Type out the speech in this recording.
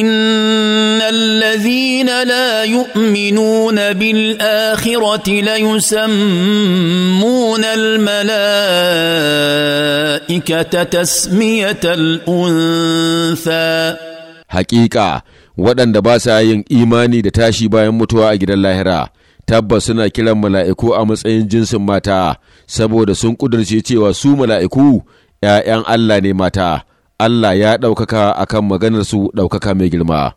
ان الذين لا يؤمنون بالاخره ليسمون الملائكه تسميه الانثى حقيقه waɗanda ba sa yin imani da tashi bayan mutuwa a gidan lahira tabbas suna kiran mala'iku a matsayin jinsin mata saboda sun ƙudurce cewa su mala'iku ‘ya'yan Allah ne mata’ Allah ya ɗaukaka a kan maganarsu ɗaukaka mai girma.